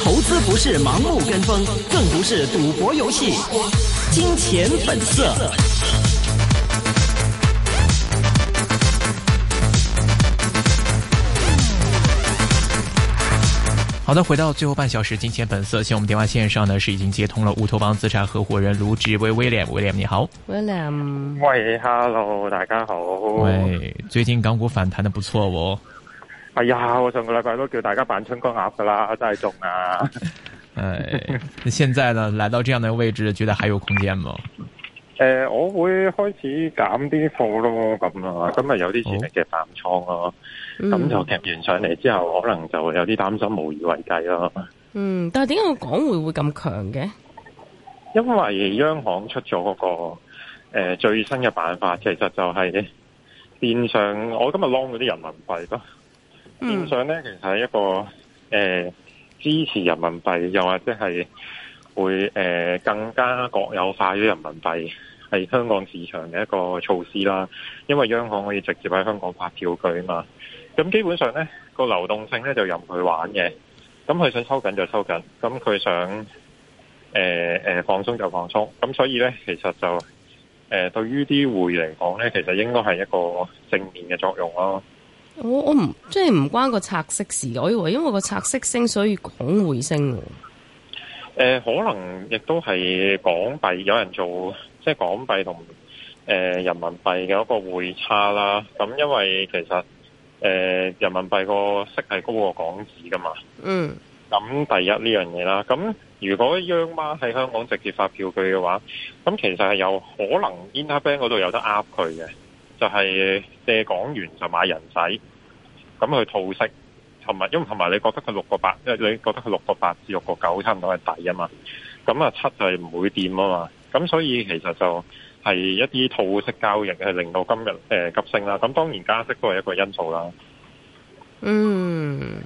投資不是盲目跟風，更不是賭博遊戲。金錢本色。好的，回到最後半小時，金錢本色。像我們電話線上呢是已經接通了烏托邦資產合夥人盧志威威廉，威廉你好。William 喂，Hello，大家好。喂，最近港股反彈的不錯喎。哎呀，我上個禮拜都叫大家扮春光鴨噶啦，我真係中啊！誒、 哎，那現在呢，來到這樣的位置，覺得還有空間嗎？誒、呃，我會開始減啲貨咯，咁啊，今日有啲錢嚟嘅，淡倉咯，咁、哦、就踢完上嚟之後，可能就有啲擔心無以為繼咯。嗯，但係點解個港匯會咁強嘅？因為央行出咗嗰、那個誒、呃、最新嘅辦法，其實就係變相我今日撈嗰啲人民幣咯。邊、嗯、上咧，其實係一個誒、呃、支持人民幣，又或者係會誒、呃、更加國有化於人民幣，係香港市場嘅一個措施啦。因為央行可以直接喺香港發票據啊嘛，咁基本上咧個流動性咧就任佢玩嘅，咁佢想收緊就收緊，咁佢想誒誒、呃、放鬆就放鬆，咁所以咧其實就誒、呃、對於啲會匯嚟講咧，其實應該係一個正面嘅作用咯。我我唔即係唔關個拆息事，我以為因為個拆息升，所以港匯升。誒、呃，可能亦都係港幣有人做，即係港幣同誒人民幣嘅一個匯差啦。咁、嗯、因為其實誒、呃、人民幣個息係高過港紙噶嘛。嗯。咁第一呢樣嘢啦，咁如果央媽喺香港直接發票據嘅話，咁其實係有可能 Interbank 嗰度有得壓佢嘅。就係借港元就買人仔，咁去套息，同埋，因為同埋你覺得佢六個八，因為你覺得佢六個八至六個九差唔多係底啊嘛，咁啊七就係唔會掂啊嘛，咁所以其實就係一啲套息交易係令到今日誒急升啦，咁當然加息都係一個因素啦。嗯，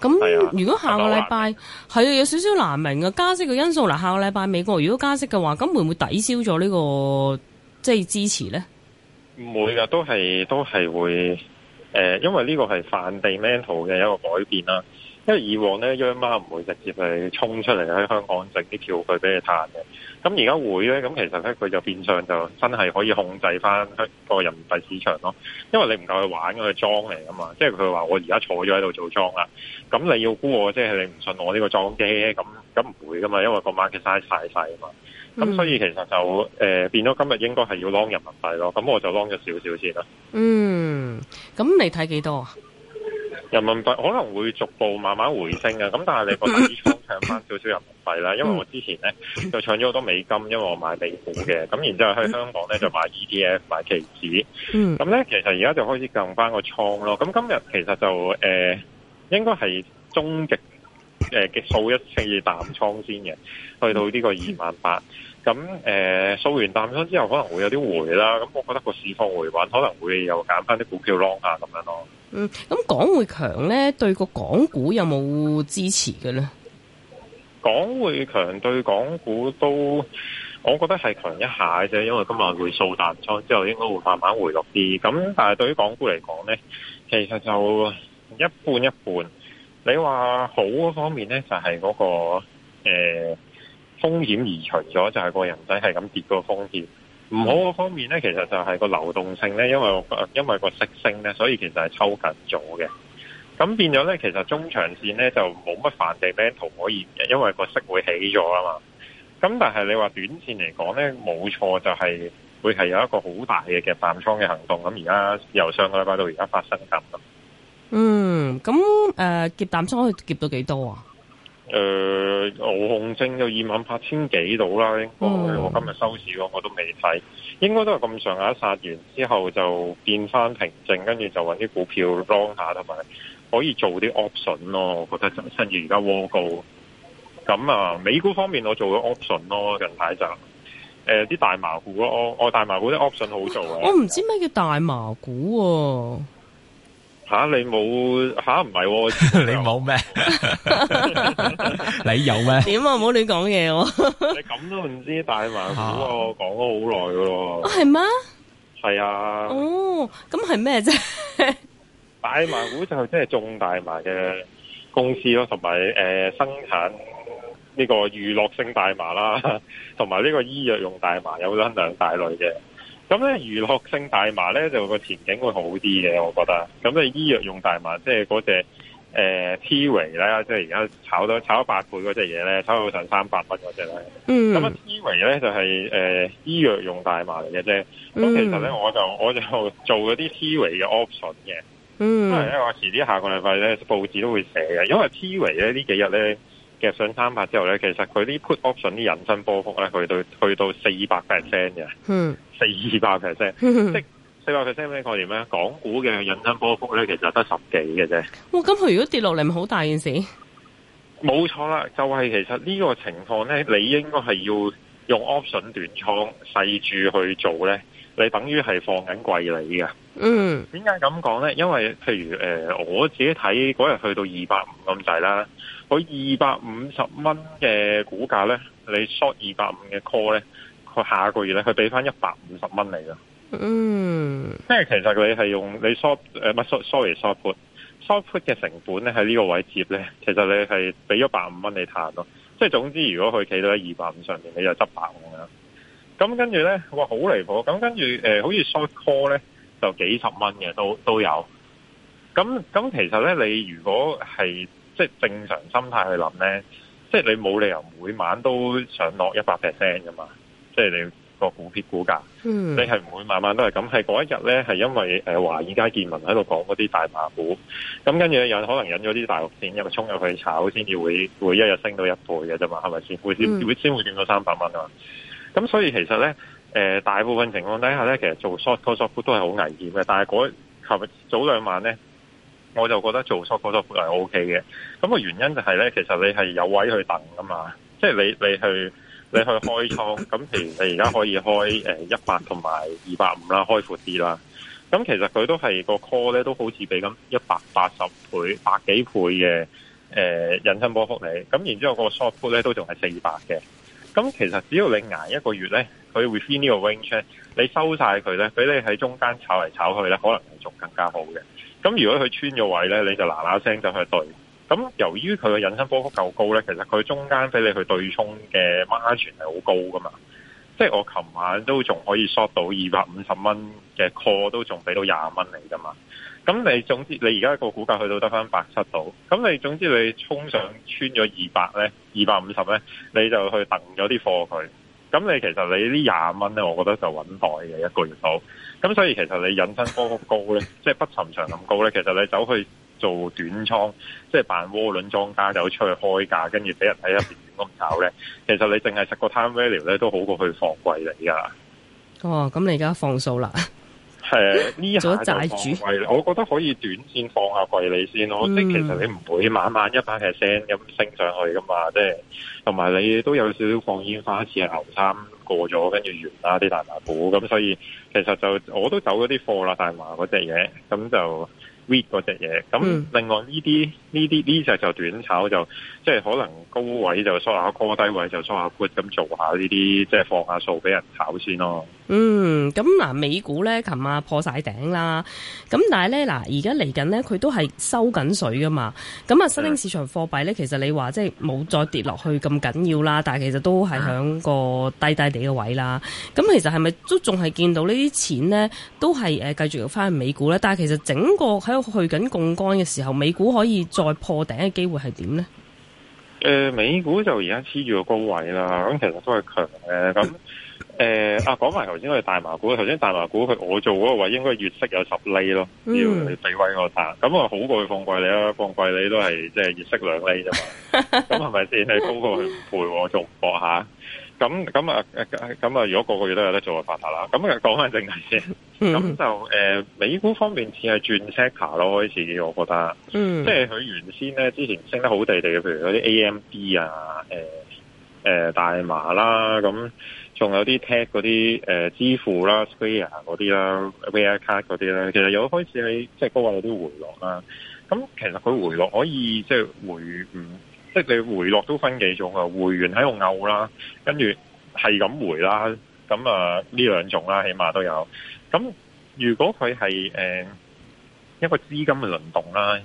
咁、啊、如果下個禮拜係有少少難明啊，加息嘅因素嗱，下個禮拜美國如果加息嘅話，咁會唔會抵消咗呢、這個即係、就是、支持咧？唔會噶，都係都係會誒、呃，因為呢個係 fundamental 嘅一個改變啦。因為以往呢，央媽唔會直接係衝出嚟喺香港整啲票據俾你攤嘅。咁而家會呢，咁其實呢，佢就變相就真係可以控制翻個人民幣市場咯。因為你唔夠去玩嘅，佢莊嚟噶嘛。即係佢話我而家坐咗喺度做莊啦。咁你要估我，即係你唔信我呢個莊機咁，咁唔會噶嘛，因為個 market size 太細啊嘛。咁、嗯嗯、所以其實就誒、呃、變咗今日應該係要 long 人民幣咯，咁我就 long 咗少少先啦。嗯，咁你睇幾多啊？人民幣可能會逐步慢慢回升啊，咁但係你覺得啲倉搶翻少少人民幣啦，因為我之前咧、嗯、就搶咗好多美金，因為我買美股嘅，咁然之後喺香港咧就買 ETF 買期指，咁咧、嗯、其實而家就開始降翻個倉咯。咁今日其實就誒、呃、應該係終極。誒，掃、呃、一次淡倉先嘅，去到呢個二萬八。咁、呃、誒，掃完淡倉之後可能會有啲回啦。咁我覺得個市況回穩，可能會有減翻啲股票 long 啊，咁樣咯。嗯、咁、嗯、港匯強呢？對個港股有冇支持嘅呢？港匯強對港股都，我覺得係強一下啫。因為今日會掃淡倉之後，應該會慢慢回落啲。咁、嗯、但係對於港股嚟講呢，其實就一半一半。你話好嗰方面咧，就係嗰個誒風險移除咗，就係個人仔係咁跌個風險。唔好嗰方面咧，其實就係個流動性咧，因為因為個息升咧，所以其實係抽緊咗嘅。咁變咗咧，其實中長線咧就冇乜犯地咩圖可言嘅，因為個息會起咗啊嘛。咁但係你話短線嚟講咧，冇錯就係會係有一個好大嘅嘅減倉嘅行動。咁而家由上個禮拜到而家發生咁。嗯，咁誒，挾淡倉可以挾到幾多啊？誒、呃，我控制就二萬八千幾到啦。不過、嗯、我今日收市我都未睇，應該都係咁上下殺完之後就變翻平靜，跟住就揾啲股票 long 下，同埋可以做啲 option 咯。我覺得就趁住而家窩高。咁啊，美股方面我做咗 option 咯，近排就誒啲、呃、大麻股咯，我、哦、我大麻股啲 option 好做啊。我唔知咩叫大麻股啊。吓？你冇吓，唔係，你冇咩？你有咩嗎？點啊？唔好亂講嘢。你咁都唔知大麻股，我講咗好耐噶咯。係咩？係啊。哦，咁係咩啫？大麻股就係即係種大麻嘅公司咯，同埋誒生產呢個娛樂性大麻啦，同埋呢個醫藥用大麻，有分兩大類嘅。咁咧，嗯、娛樂性大麻咧就個前景會好啲嘅，我覺得。咁你醫藥用大麻即係嗰隻誒 T 威啦，即係而家炒到炒百倍嗰隻嘢咧，炒到成三百蚊嗰隻咧。嗯。咁啊，T 威咧就係、是、誒、呃、醫藥用大麻嚟嘅啫。咁、嗯、其實咧，我就我就做嗰啲 T 威嘅 option 嘅。Opt 嗯。因為我遲啲下個禮拜咧，報紙都會寫嘅，因為 T 威咧呢幾日咧，夾上三百之後咧，其實佢啲 put option 啲引伸波幅咧，佢到去到四百 percent 嘅。嗯。四百 percent，即四百 percent 咩概念咧？港股嘅引伸波幅咧，其實得十幾嘅啫。哇！咁佢如果跌落嚟，咪好大件事？冇錯啦，就係、是、其實呢個情況咧，你應該係要用 option 短倉細注去做咧，你等於係放緊貴你嘅。嗯，點解咁講咧？因為譬如誒、呃，我自己睇嗰日去到二百五咁滯啦，佢二百五十蚊嘅股價咧，你 short 二百五嘅 call 咧。佢下個月咧，佢俾翻一百五十蚊你噶。嗯，即係其實你係用你 short 誒，唔係 short，sorry short put，short put 嘅成本咧，喺呢個位接咧，其實你係俾咗百五蚊你賺咯、呃。即係總之，如果佢企到喺二百五上面，你就執百五噶啦。咁跟住咧，哇，好離譜！咁跟住誒，好似 short call 咧，就幾十蚊嘅都都有。咁咁其實咧，你如果係即係正常心態去諗咧，即係你冇理由每晚都想落一百 percent 噶嘛。即係你個股票股價，你係唔會慢慢都係咁，係嗰一日咧係因為誒華爾街見聞喺度講嗰啲大麻股，咁跟住有可能引咗啲大陸錢入沖入去炒，先至會會一日升到一倍嘅啫嘛，係咪先？會先會先會賺到三百蚊啊！咁所以其實咧，誒大部分情況底下咧，其實做 short call s o f t 都係好危險嘅。但係嗰琴日，早兩晚咧，我就覺得做 short call s o f t 係 O K 嘅。咁個原因就係咧，其實你係有位去等噶嘛，即係你你去。你去開倉，咁譬如你而家可以開誒一百同埋二百五啦，開闊啲啦。咁其實佢都係個 call 咧，都好似俾緊一百八十倍、百幾倍嘅誒引伸波幅你。咁然之後個 short put 咧都仲係四百嘅。咁其實只要你捱一個月咧，佢 rein 呢個 wing check，你收晒佢咧，俾你喺中間炒嚟炒去咧，可能係仲更加好嘅。咁如果佢穿咗位咧，你就嗱嗱聲就去對。咁由於佢嘅引伸波幅夠高呢，其實佢中間俾你去對沖嘅 Margin 係好高噶嘛。即係我琴晚都仲可以 short 到二百五十蚊嘅 call 都仲俾到廿蚊你噶嘛。咁你總之你而家個股價去到得翻百七度，咁你總之你衝上穿咗二百呢，二百五十呢，你就去掟咗啲貨佢。咁你其實你呢廿蚊呢，我覺得就穩袋嘅一個月到。咁所以其實你引伸波幅高呢，即係不尋常咁高呢，其實你走去做短倉，即係扮窩輪莊家，就出去開價，跟住俾人喺入邊亂咁搞咧。其實你淨係食個 time value 咧，都好過去放貴利噶。哦，咁你而家放數啦？誒、嗯，就 做咗債主，我覺得可以短線放下貴利先咯。即係其實你唔會晚晚一百 percent 咁升上去噶嘛。即係同埋你都有少少放煙花，似牛三過咗，跟住完啦啲大麻布。咁所以其實就我都走咗啲貨啦，大麻嗰隻嘢，咁就。read 嗰隻嘢，咁、 嗯、 另外呢啲呢啲呢隻就短炒就，即係可能高位就收下 call，低位就收下 put，咁做下呢啲即係放下數俾人炒先咯。嗯，咁、嗯、嗱，美股咧，琴晚破晒頂啦，咁但係咧，嗱，而家嚟緊咧，佢都係收緊水噶嘛，咁啊，新興市場貨幣咧，其實你話即係冇再跌落去咁緊要啦，但係其實都係響個低低地嘅位啦，咁、嗯嗯、其實係咪都仲係見到呢啲錢咧，都係誒繼續要翻去美股咧？但係其實整個喺去緊槓桿嘅時候，美股可以再破頂嘅機會係點咧？誒、呃，美股就而家黐住個高位啦，咁其實都係強嘅咁。 誒，阿講埋頭先，我大麻股，頭先大麻股，佢我做嗰個位，應該月息有十厘咯，要你俾位我打，咁我好過佢放貴你啦，放貴你都係即係月息兩厘啫嘛，咁係咪先？你高過佢唔賠，我仲博下，咁咁啊，咁啊，如果個個月都有得做，嘅發達啦。咁啊，講翻正題先，咁就誒，美股方面似係轉 sector 咯，開始，我覺得，即係佢原先咧，之前升得好地地嘅，譬如嗰啲 AMD 啊，誒誒，大麻啦，咁。仲有啲 tech 嗰啲誒支付啦，Square 嗰啲啦，VIA 卡嗰啲咧，其實有開始你即係高位有啲回落啦。咁其實佢回落可以即係回唔即係你回落都分幾種啊，回完喺度勾啦，跟住係咁回啦。咁啊呢兩種啦，起碼都有。咁如果佢係誒一個資金嘅輪動啦。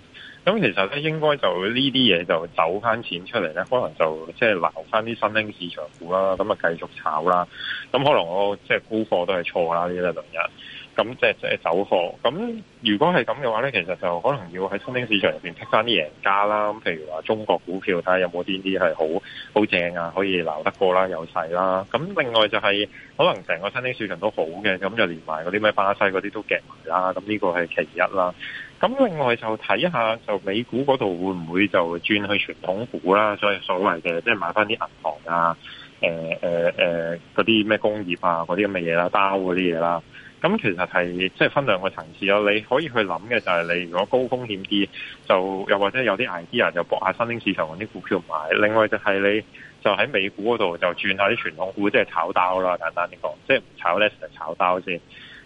咁其實咧，應該就呢啲嘢就走翻錢出嚟咧，可能就即係留翻啲新興市場股啦，咁啊繼續炒啦。咁可能我即係、就是、沽貨都係錯啦呢一輪嘅。咁即係即係走貨。咁如果係咁嘅話咧，其實就可能要喺新興市場入邊剔翻啲贏家啦。咁譬如話中國股票，睇下有冇啲啲係好好正啊，可以留得過啦，有勢啦。咁另外就係、是、可能成個新興市場都好嘅，咁就連埋嗰啲咩巴西嗰啲都夾埋啦。咁呢個係其一啦。咁另外就睇下，就美股嗰度會唔會就轉去傳統股啦？所以所謂嘅即係買翻啲銀行啊，誒誒誒嗰啲咩工業啊，嗰啲咁嘅嘢啦，道嗰啲嘢啦。咁其實係即係分兩個層次咯。你可以去諗嘅就係你如果高風險啲，就又或者有啲 idea 就搏下新興市場嗰啲股票買。另外就係你就喺美股嗰度就轉下啲傳統股，即係炒道啦。簡單啲講，即係唔炒咧，就炒道先。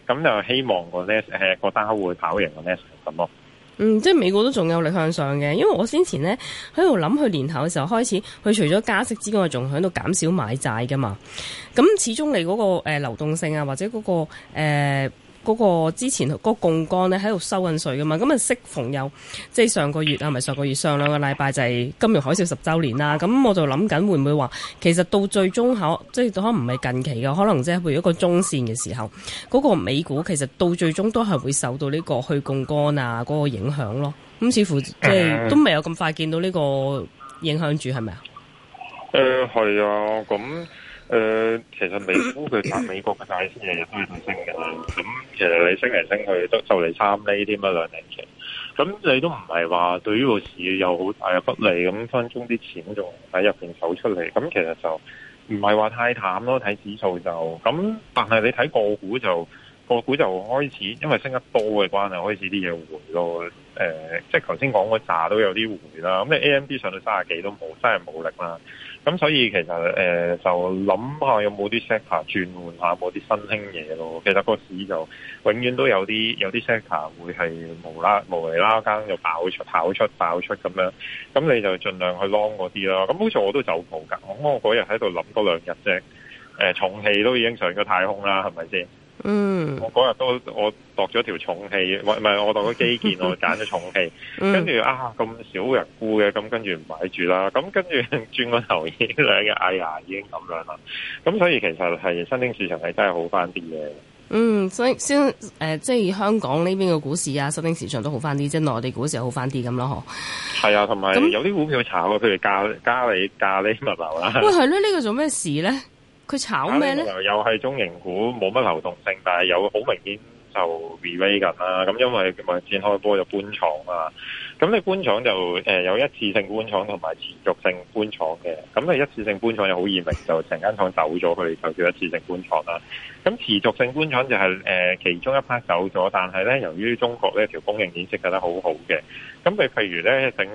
咁就希望個咧誒個單會跑贏個 n 嗯，即係美國都仲有力向上嘅，因為我先前呢喺度諗佢年頭嘅時候開始，佢除咗加息之外，仲喺度減少買債噶嘛，咁始終你嗰個誒、呃、流動性啊，或者嗰、那個誒。呃嗰個之前嗰個槓桿咧喺度收緊稅噶嘛，咁啊適逢有，即係上個月啊，咪上個月上兩個禮拜就係金融海嘯十週年啦。咁我就諗緊會唔會話，其實到最終考，即係可能唔係近期嘅，可能即係譬如一個中線嘅時候，嗰、那個美股其實到最終都係會受到呢個去槓桿啊嗰個影響咯。咁似乎即係都未有咁快見到呢個影響住，係咪、嗯、啊？誒係啊，咁。誒、呃，其實美股佢砸美國嘅大市，日日都係上升嘅。咁其實你升嚟，升去都就嚟三呢啲啦，兩年嘅。咁、嗯、你都唔係話對於個市有好大嘅不利，咁、嗯、分鐘啲錢就喺入邊走出嚟。咁、嗯、其實就唔係話太淡咯，睇指數就咁、嗯。但係你睇個股就個股就開始，因為升得多嘅關係，開始啲嘢回咯。誒、呃，即係頭先講個渣都有啲回啦。咁、嗯、你 AMD 上到三十幾都冇，真係冇力啦。咁所以其實誒就諗下有冇啲 sector 轉換下，冇啲新興嘢咯。其實個市就永遠都有啲有啲 sector 會係無啦無釐啦更就爆出跑出爆出咁樣，咁你就盡量去 long 嗰啲咯。咁好似我都走步㗎，我我嗰日喺度諗多兩日啫。誒重汽都已經上咗太空啦，係咪先？嗯，我嗰日都我度咗條重氣，唔係我度咗基建，我揀咗重氣，跟住、 嗯、啊咁少人估嘅，咁跟住唔買住啦，咁跟住轉個頭，呢兩日哎呀已經咁樣啦，咁所以其實係新興市場係真係好翻啲嘅。嗯，所以先誒、呃，即係香港呢邊嘅股市啊，新興市場都好返啲，即係內地股市好返啲咁咯，嗬。係啊，同埋有啲那股票炒嘅，譬如嘉嘉里嘉里物流啊。喂，係咯，呢、這個做咩事咧？佢炒咩咧？又又係中型股，冇乜流動性，但係有好明顯。就 r e v 啦，咁因為佢咪先開波搬搬就搬廠啊，咁你搬廠就誒有一次性搬廠同埋持續性搬廠嘅，咁你一次性搬廠就好易明，就成間廠走咗佢就叫一次性搬廠啦。咁持續性搬廠就係、是、誒、呃、其中一 part 走咗，但係咧由於中國呢條供應鏈式得好好嘅，咁你譬如咧整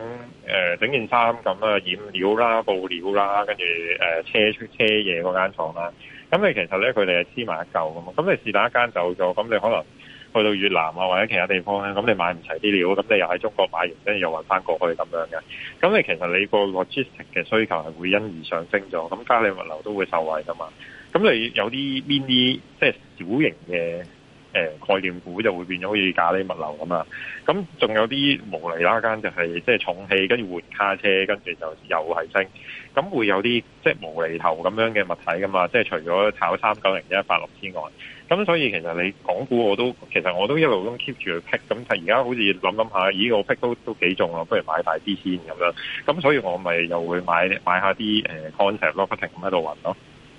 誒整件衫咁啊染料啦、布料啦，跟住誒車出車嘢嗰間廠啦。咁你其實咧，佢哋係黐埋一嚿噶嘛。咁你是但一間走咗，咁你可能去到越南啊，或者其他地方咧、啊，咁你買唔齊啲料，咁你又喺中國買完，跟住又運翻過去咁樣嘅。咁你其實你個 logistic 嘅需求係會因而上升咗，咁加你物流都會受惠噶嘛。咁你有啲邊啲即係小型嘅？誒概念股就會變咗好似咖喱物流咁啊！咁仲有啲無厘啦間就係即係重汽，跟住換卡車，跟住就又係升。咁會有啲即係無厘頭咁樣嘅物體噶嘛？即係除咗炒三九零一八六之外，咁所以其實你港股我都其實我都一路都 keep 住去 pick 想想。咁但而家好似諗諗下，咦我 pick 都都幾重啊，不如買大啲先咁樣。咁所以我咪又會買買下啲誒 concept 咯，不停咁喺度揾咯。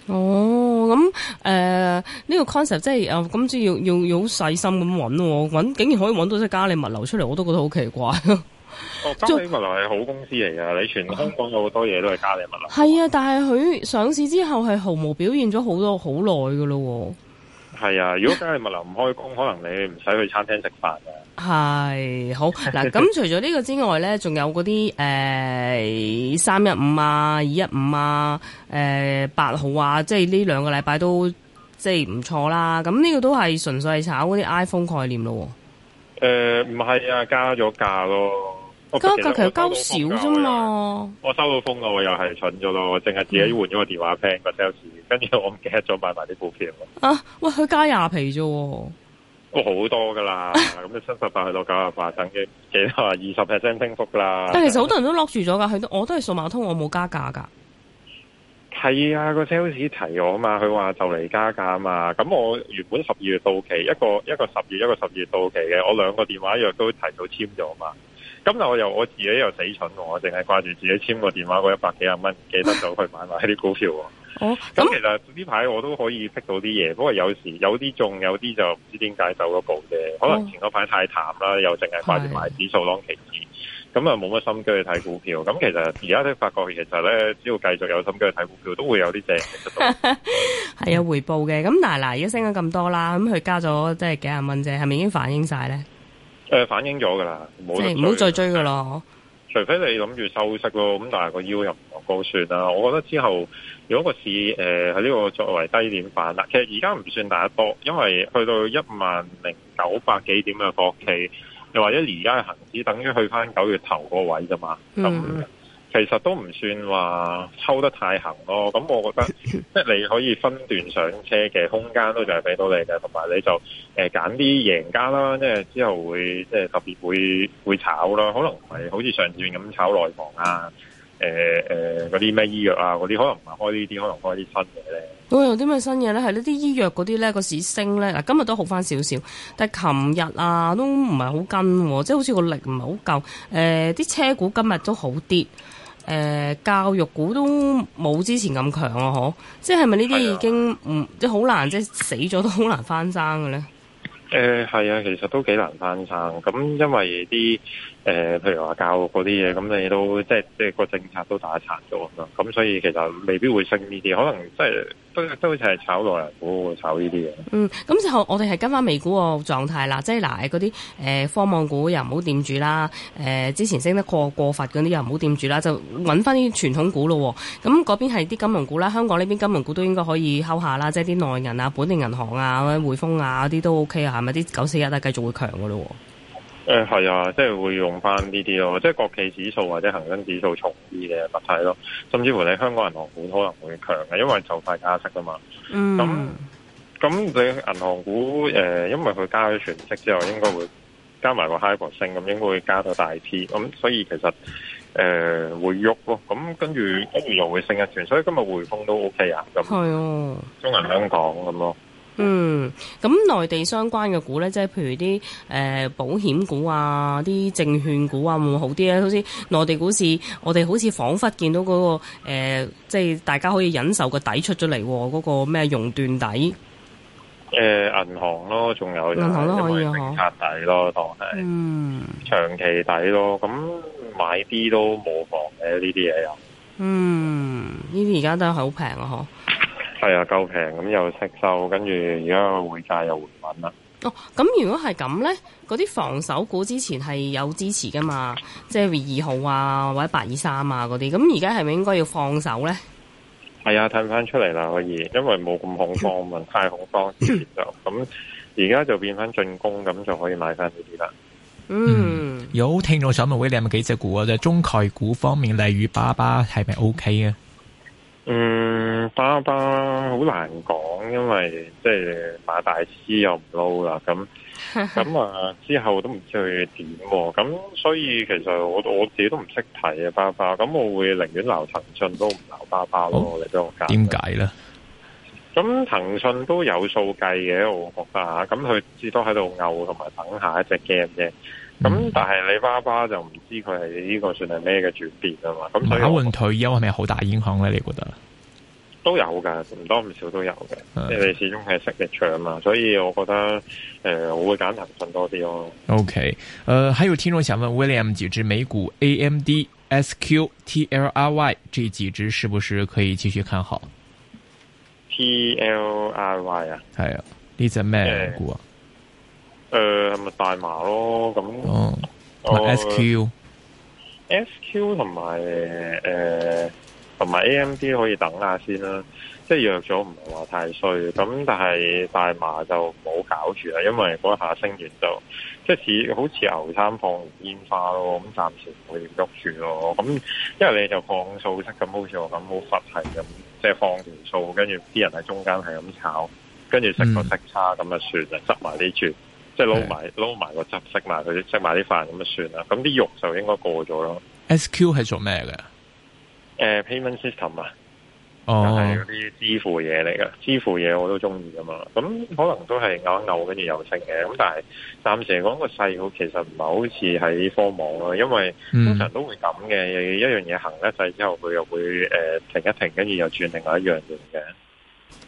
哦。我咁誒呢個 concept 即係誒，咁即係要要好細心咁揾喎，揾竟然可以揾到隻嘉里物流出嚟，我都覺得好奇怪。嘉 里、哦、物流係好公司嚟噶，你全香港好多嘢都係嘉里物流。係啊，啊，但係佢上市之後係毫無表現咗好多好耐嘅咯喎。係啊，如果家下物流唔開工，可能你唔使去餐廳食飯啊。係好嗱，咁除咗呢個之外咧，仲有嗰啲誒三一五啊、二一五啊、誒八號啊，即係呢兩個禮拜都即係唔錯啦。咁呢個都係純粹係炒嗰啲 iPhone 概念咯。誒、呃，唔係啊，加咗價咯。而家其實交少啫嘛，我收到風咯，我又係蠢咗咯，我淨係自己換咗個電話 plan 個 sales，跟住我唔記得咗買埋啲股票。啊，喂，佢加廿皮啫，都好多噶啦，咁就七十八去到九十八，等於幾多啊？二十 percent 升幅啦。但其實好多人都 lock 住咗噶，係都 我都係數碼通，我冇加價噶。係啊，個 sales 提我嘛，佢話就嚟加價啊嘛，咁我原本十二月到期，一個一個十月，一個十月到期嘅，我兩個電話約都提早簽咗嘛。咁啊！我又我自己又死蠢，我淨係掛住自己簽個電話，嗰一百幾廿蚊，記得就去買埋啲股票。好咁、啊，其實呢排我都可以識到啲嘢，不過有時有啲仲有啲就唔知點解走咗步啫。可能前嗰排太淡啦，又淨係掛住買指數、當其次，咁啊冇乜心機去睇股票。咁其實而家都發覺，其實咧只要繼續有心機去睇股票，都會有啲正，係、 嗯、 有回報嘅。咁嗱嗱，嘞嘞而家升咗咁多啦，咁佢加咗即係幾廿蚊啫，係咪已經反映晒咧？誒、呃，反映咗噶啦，即唔好再追噶啦。除非你諗住收息咯，咁但係個腰又唔落高算啦。我覺得之後如果個市誒喺呢個作為低點反啦，其實而家唔算大得多，因為去到一萬零九百幾點嘅國企，又或者而家嘅恒指，等於去翻九月頭個位啫嘛。嗯。其實都唔算話抽得太行咯，咁我覺得 即係你可以分段上車嘅空間都就係俾到你嘅，同埋你就誒揀啲贏家啦，即係之後會即係、呃、特別會會炒啦，可能唔係好似上次咁炒內房啊，誒誒嗰啲咩醫藥啊嗰啲，可能唔係開呢啲，可能開啲新嘢咧。咁有啲咩新嘢咧？係呢啲醫藥嗰啲咧，個市升咧，嗱今日都好返少少，但係琴日啊都唔係好跟、哦，即係好似個力唔係好夠。誒、呃、啲車股今日都好啲。誒、呃，教育股都冇之前咁強啊，嗬！即係咪呢啲已經唔是、啊、即係好難，即係死咗都好難翻生嘅咧？誒、呃，係啊，其實都幾難翻生，咁因為啲。誒，譬、呃、如話教嗰啲嘢，咁你都即係即係個政策都打殘咗咁，所以其實未必會升呢啲，可能即係都都好似係炒內銀股、炒呢啲嘢。嗯，咁之後我哋係跟翻美股個狀態啦，即係嗱，嗰啲誒科網股，又唔好掂住啦，誒、呃、之前升得過過伐嗰啲又唔好掂住啦，就揾翻啲傳統股咯。咁嗰邊係啲金融股啦，香港呢邊金融股都應該可以拋下啦，即係啲內銀啊、本地銀行啊、匯豐啊嗰啲都 OK 啊，係咪啲九四一都繼續會強噶咯？誒，係、呃、啊，即係會用翻呢啲咯，即係國企指數或者恒生指數重啲嘅物體咯，甚至乎你香港銀行股可能會強嘅，因為就快加息噶嘛。嗯。咁咁，你銀行股誒、呃，因為佢加咗存息之後，應該會加埋個 HIBOR 升咁應該會加到大 P。咁所以其實誒、呃、會喐咯。咁跟住跟住又會升一轉，所以今日匯豐都 OK 啊。係。啊、中銀香港咁咯。嗯，咁內地相關嘅股咧，即係譬如啲誒、呃、保險股啊，啲證券股啊，會唔會好啲咧？好似內地股市，我哋好似仿佛見到嗰、那個誒、呃，即係大家可以忍受個底出咗嚟，嗰、那個咩熔斷底？誒、呃，銀行咯，仲有銀行都可以、啊、因為政策底咯，當係，嗯，長期底咯，咁買啲都冇房嘅呢啲嘢又，嗯，呢啲而家都係好平啊，嗬。係啊，夠平咁又息收，跟住而家匯價又回穩啦。哦，咁如果係咁咧，嗰啲防守股之前係有支持噶嘛？即係二號啊，或者八二三啊嗰啲，咁而家係咪應該要放手咧？係啊，睇翻出嚟啦，可以，因為冇咁恐慌，唔 太恐慌，之前就。咁而家就變翻進攻，咁就可以買翻呢啲啦。嗯,嗯，有聽眾想問 William 有冇幾隻股啊？就中概股方面，例如巴巴係咪 OK 啊？嗯，巴巴好難講，因為即係馬大師又唔撈啦，咁咁啊之後都唔知佢點喎，咁所以其實我我自己都唔識睇啊，巴巴咁我會寧願留騰訊都唔留巴巴咯。哦、你都點解咧？咁騰訊都有數計嘅，我覺得吓，咁佢至多喺度牛同埋等下一隻 game 啫。怕咁、嗯嗯、但係阿里巴巴就唔知佢係呢個算係咩嘅轉變啊嘛，咁馬雲退休係咪好大影響咧？你覺得？都有噶，唔多唔少都有嘅，因為、嗯、始終係實力強嘛，所以我覺得誒、呃、我會揀騰訊多啲咯、哦。OK，誒、呃，還有聽眾想問 William 幾支美股 AMD、SQ、TLRY 這幾隻是不是可以繼續看好？TLRY 啊，係啊，呢隻咩股啊？呃誒，係咪、呃、大麻咯？咁 S Q，S、嗯、Q 同埋誒，同埋 A M D 可以等下先啦。即係弱咗，唔係話太衰。咁但係大麻就冇搞住啦，因為嗰下升完就，即似好似牛山放煙花咯。咁暫時唔會喐住咯。咁因為你就放數出，咁好似我咁冇實體咁，即係、就是、放條數，跟住啲人喺中間係咁炒，跟住食個息差，咁啊算就執埋啲住。嗯即係撈埋撈埋個汁，食埋佢食埋啲飯咁就算啦。咁啲肉，肉就應該過咗咯。S, S Q 係做咩嘅？誒、uh,，payment system 啊，係啲支付嘢嚟噶。支付嘢我都中意噶嘛。咁可能都係咬一咬，跟住又食嘅。咁但係暫時嚟講個細號，其實唔係好似喺科網咯，因為通常都會咁嘅。一樣嘢行一細之後，佢又會誒停一停，跟住又轉另外一樣嘢。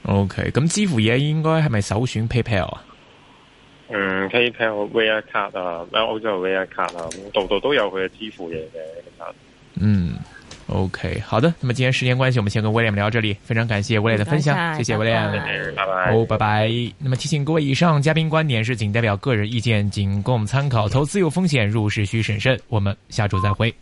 O K，咁支付嘢應該係咪首選 PayPal 啊？嗯，可以 PayPal、VISA 卡啊，歐洲 VISA 卡啊，咁度度都有佢嘅支付嘢嘅。嗯，OK，好的，咁啊，今日時間關係，我們先跟 William 聊到這裏，非常感謝 William 嘅分享，謝謝，謝，謝 William，拜拜，好，拜拜。咁啊， 提醒各位，以上嘉賓觀點是僅代表個人意見，僅供參考，投資有風險，入市需審慎。我們下周再會。